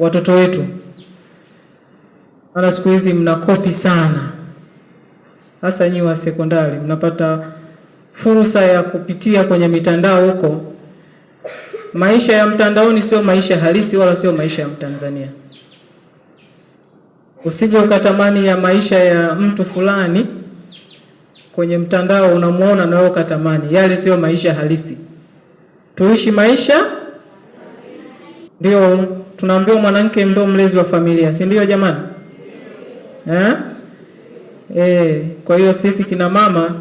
watoto wetu. Maana siku hizi mnakopi sana, hasa nyi wa sekondari, mnapata fursa ya kupitia kwenye mitandao huko. Maisha ya mtandaoni sio maisha halisi, wala sio maisha ya Mtanzania. Usije ukatamani ya maisha ya mtu fulani kwenye mtandao unamuona na wewe ukatamani, yale sio maisha halisi. Tuishi maisha ndio tunaambiwa mwanamke ndio mlezi wa familia, si ndio jamani? Eh, E, kwa hiyo sisi kina mama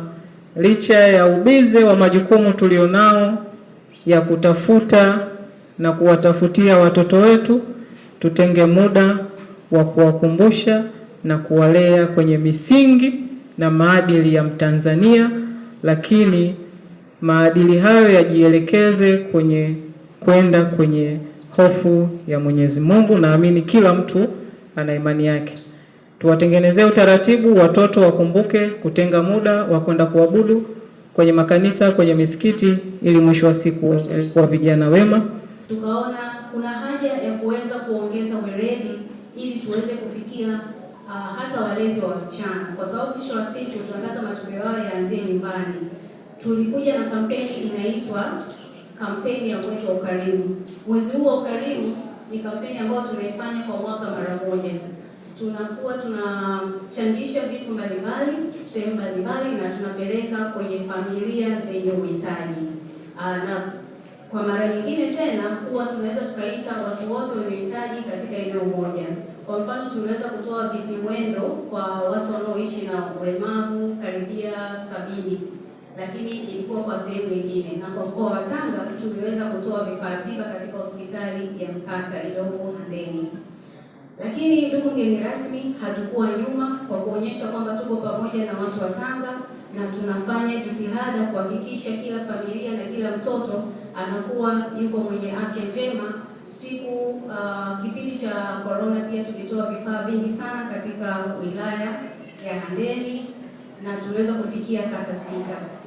licha ya ubize wa majukumu tulionao ya kutafuta na kuwatafutia watoto wetu, tutenge muda wa kuwakumbusha na kuwalea kwenye misingi na maadili ya Mtanzania, lakini maadili hayo yajielekeze kwenye kwenda kwenye hofu ya Mwenyezi Mungu. Naamini kila mtu ana imani yake. Tuwatengenezee utaratibu watoto wakumbuke kutenga muda wa kwenda kuabudu kwenye makanisa, kwenye misikiti, ili mwisho wa siku kwa vijana wema. Tukaona kuna haja ya kuweza kuongeza weledi ili tuweze kufikia uh, hata walezi wa wasichana, kwa sababu mwisho wa siku tunataka matokeo yao yaanzie nyumbani. Tulikuja na kampeni inaitwa kampeni ya mwezi wa ukarimu. Mwezi huu wa ukarimu ni kampeni ambayo tunaifanya kwa mwaka mara moja. Tunakuwa tunachangisha vitu mbalimbali sehemu mbalimbali, na tunapeleka kwenye familia zenye uhitaji, ah, na kwa mara nyingine tena huwa tunaweza tukaita watu wote wenye uhitaji katika eneo moja. Kwa mfano, tunaweza kutoa viti mwendo kwa watu wanaoishi na ulemavu karibia sabini lakini ilikuwa kwa sehemu nyingine, na kwa mkoa wa Tanga tumeweza kutoa vifaa tiba katika hospitali ya Mpata iliyopo Handeni. Lakini ndugu mgeni rasmi, hatukuwa nyuma kwa kuonyesha kwamba tuko pamoja na watu wa Tanga na tunafanya jitihada kuhakikisha kila familia na kila mtoto anakuwa yuko mwenye afya njema. Siku uh, kipindi cha corona pia tulitoa vifaa vingi sana katika wilaya ya Handeni na tuliweza kufikia kata sita.